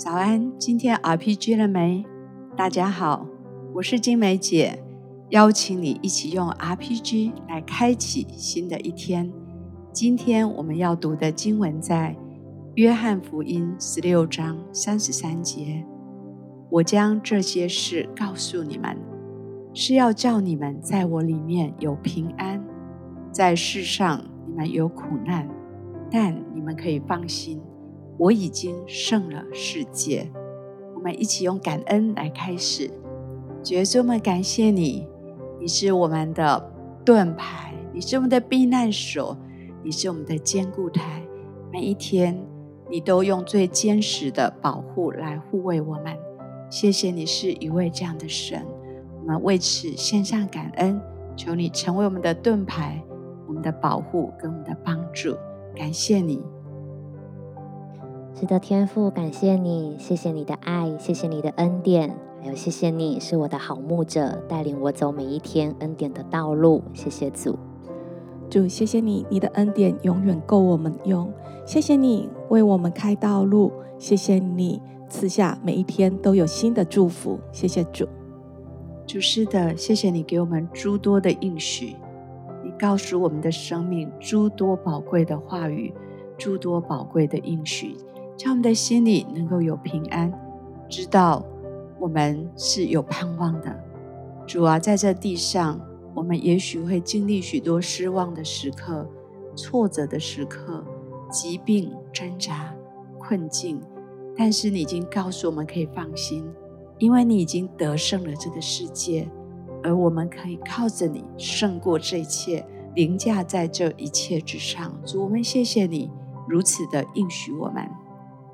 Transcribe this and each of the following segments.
早安，今天 RPG 了沒？大家好，我是晶玫姊，邀請你一起用 RPG 來開啟新的一天。今天我們要讀的經文在《約翰福音》十六章三十三節。我將這些事告訴你們，是要叫你們在我裡面有平安，在世上你們有苦難，但你們可以放心。我已經勝了世界。我們一起用感恩來開始。主，我們感謝你，你是我們的盾牌，你是我們的避難所，你是我們的堅固台。每一天，你都用最堅實的保護來護衛我們。謝謝你是一位這樣的神。我們為此獻上感恩，求你成為我們的盾牌、我們的保護跟我們的幫助。感謝你。是的天父，感謝你，謝謝你的愛，謝謝你的恩典，還有謝謝你是我的好牧者，帶領我走每一天恩典的道路。謝謝主，主謝謝你，你的恩典永遠夠我們用。謝謝你為我們開道路，謝謝你賜下每一天都有新的祝福。謝謝主，主，是的，謝謝你給我們諸多的應許，你告訴我們的生命諸多寶貴的話語，諸多寶貴的應許。希望我們的心裡能夠有平安，知道我們是有盼望的。主啊，在這地上，我們也許會經歷許多失望的時刻、挫折的時刻、疾病、掙扎、困境，但是你已經告訴我們可以放心，因為你已經得勝了這個世界，而我們可以靠着你勝過這一切，凌駕在這一切之上。主，我們謝謝你如此的應許我們。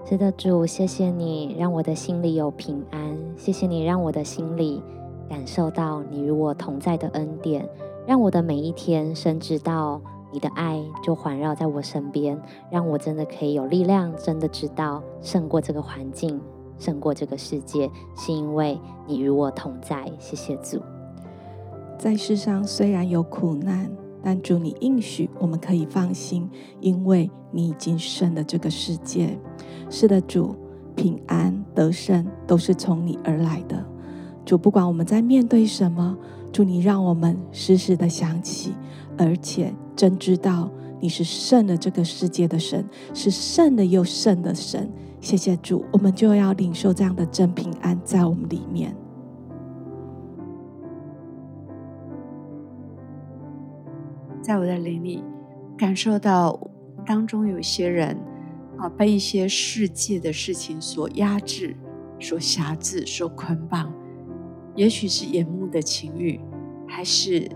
是的，主，謝謝你讓我的心裡有平安，謝謝你讓我的心裡感受到你與我同在的恩典，讓我的每一天深知道你的愛就環繞在我身邊，讓我真的可以有力量，真的知道勝過這個環境，勝過這個世界，是因為你與我同在。謝謝主，在世上雖然有苦難，但主你應許，我們可以放心，因為你已經勝了這個世界。是的，主，平安得勝都是從你而來的。主，不管我們在面對什麼，主你讓我們時時的想起，而且真知道你是勝了這個世界的神，是勝了又勝的神。謝謝主，我們就要領受這樣的真平安在我們裡面。在我的靈裡，感受到當中有些人，啊，被一些世界的事情所壓制、所轄制、所捆綁。也許是眼目的情欲，還是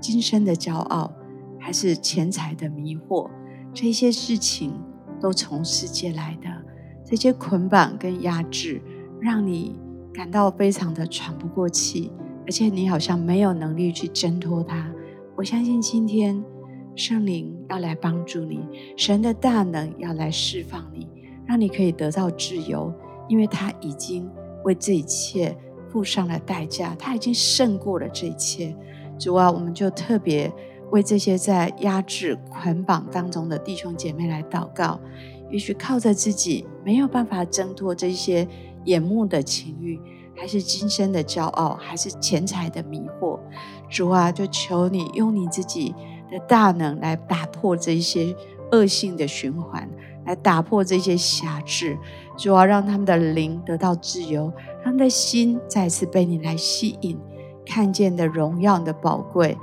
今生的驕傲，還是錢財的迷惑，這些事情都從世界來的。這些捆綁跟壓制，讓你感到非常的喘不過氣，而且你好像沒有能力去掙脫它。我相信今天聖靈要來幫助你，神的大能要來釋放你，讓你可以得到自由，因為他已經為這一切付上了代價，他已經勝過了這一切。主啊，我們就特別為這些在壓制捆綁當中的弟兄姐妹來禱告，也許靠着自己沒有辦法掙脫這些眼目的情慾。還是今生的驕傲，還是錢財的迷惑，主啊，就求你用你自己的大能來打破這些惡性的循環，來打破這些轄制，主啊，讓他們的靈得到自由，讓他們的心再次被你來吸引，看見的榮耀你的寶貴，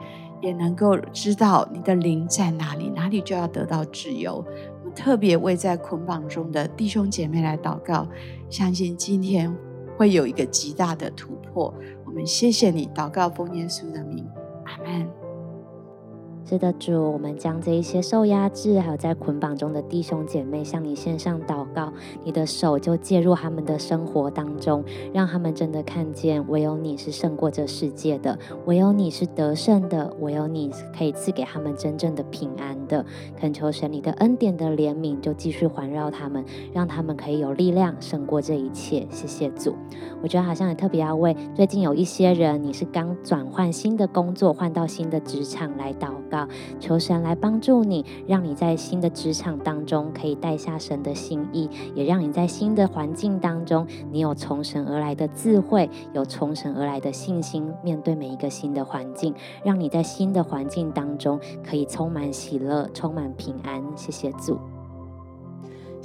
也能夠知道你的靈在哪裡，哪裡就要得到自由。我特別為在捆綁中的弟兄姐妹來禱告，相信今天。會有一個極大的突破。我們謝謝你，禱告奉耶穌的名，阿門。是的，主，我們將這一些受壓制、還有在捆綁中的弟兄姐妹向你獻上禱告，你的手就介入他們的生活當中，讓他們真的看見，唯有你是勝過這世界的，唯有你是得勝的，唯有你可以賜給他們真正的平安的。懇求神你的恩典的憐憫，就繼續環繞他們，讓他們可以有力量勝過這一切。謝謝主，我覺得好像也特別要為最近有一些人，你是剛轉換新的工作，換到新的職場來禱告。求神來幫助你，讓你在新的職場當中可以帶下神的心意，也讓你在新的環境當中，你有從神而來的智慧，有從神而來的信心，面對每一個新的環境，讓你在新的環境當中可以充滿喜樂，充滿平安。謝謝主。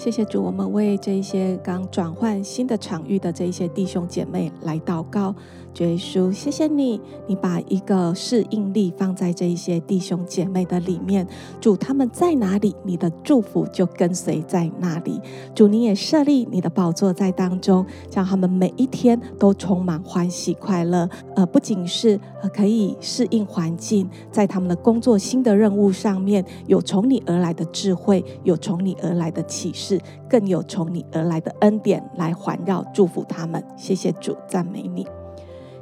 謝謝主，我們為這一些剛轉換新的場域的這一些弟兄姐妹來禱告。主耶穌，謝謝你，你把一個適應力放在這一些弟兄姐妹的裡面。主，他們在哪裡，你的祝福就跟隨在哪裡。主，你也設立你的寶座在當中，讓他們每一天都充滿歡喜快樂。呃，不僅是呃可以適應環境，在他們的工作新的任務上面，有從你而來的智慧，有從你而來的啟示。更有從你而來的恩典來環繞祝福他們，謝謝主，讚美你。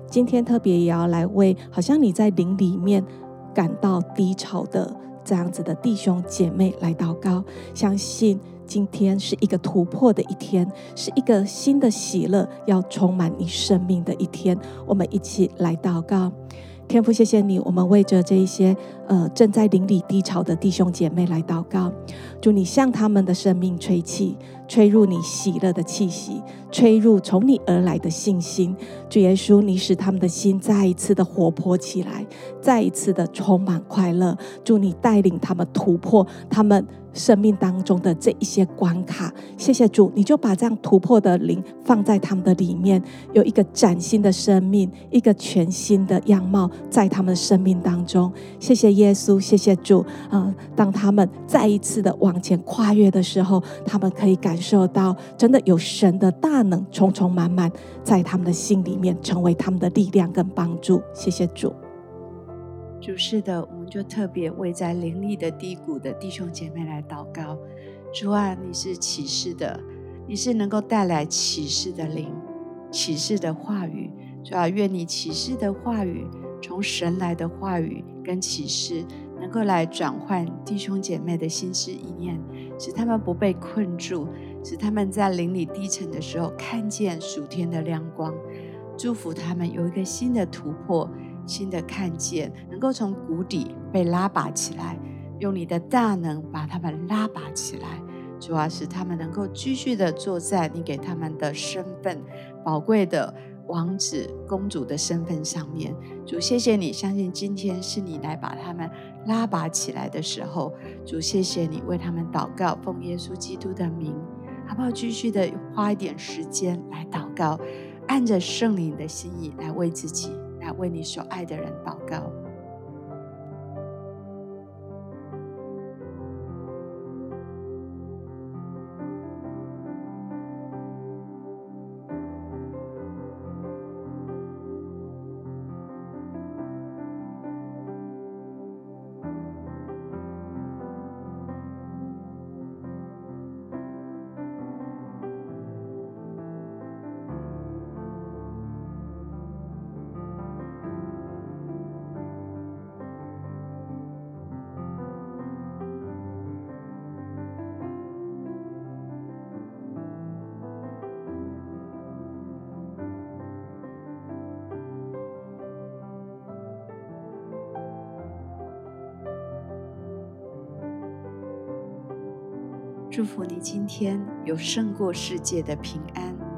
今天特別也要來為好像你在靈裡面感到低潮的這樣子的弟兄姐妹來禱告。相信今天是一個突破的一天，是一個新的喜樂，要充滿你生命的一天。我們一起來禱告。天父，謝謝你，我們為着這一些呃，正在靈裡低潮的弟兄姐妹來禱告，祝你向他們的生命吹氣。吹入你喜樂的氣息，吹入從你而來的信心。主耶穌，你使他們的心再一次的活潑起來，再一次的充滿快樂。祝你帶領他們突破他們生命當中的這一些關卡。謝謝主，你就把這樣突破的靈放在他們的裡面，有一個嶄新的生命，一個全新的樣貌在他們的生命當中。謝謝耶穌，謝謝主。嗯、呃，當他們再一次的往前跨越的時候，他們可以感。受到真的有神的大能，充充滿滿在他們的心裡面，成為他們的力量跟幫助。謝謝主，主是的，我們就特別為在靈裡的低谷的弟兄姐妹來禱告。主啊，你是啟示的，你是能夠帶來啟示的靈，啟示的話語。主啊，願你啟示的話語，從神來的話語跟啟示。能夠來轉換弟兄姐妹的心思意念，使他們不被困住，使他們在靈裡低沉的時候看見屬天的亮光，祝福他們有一個新的突破、新的看見，能夠從谷底被拉拔起來，用你的大能把他們拉拔起來。主啊，使他們能夠繼續的坐在你給他們的身份——寶貴的王子、公主的身份上面。主，謝謝你，相信今天是你來把他們拉拔起來的時候，主謝謝你為他們禱告，奉耶穌基督的名，好不好？繼續的花一點時間來禱告，按着聖靈的心意來為自己，來為你所愛的人禱告。祝福你今天有勝過世界的平安。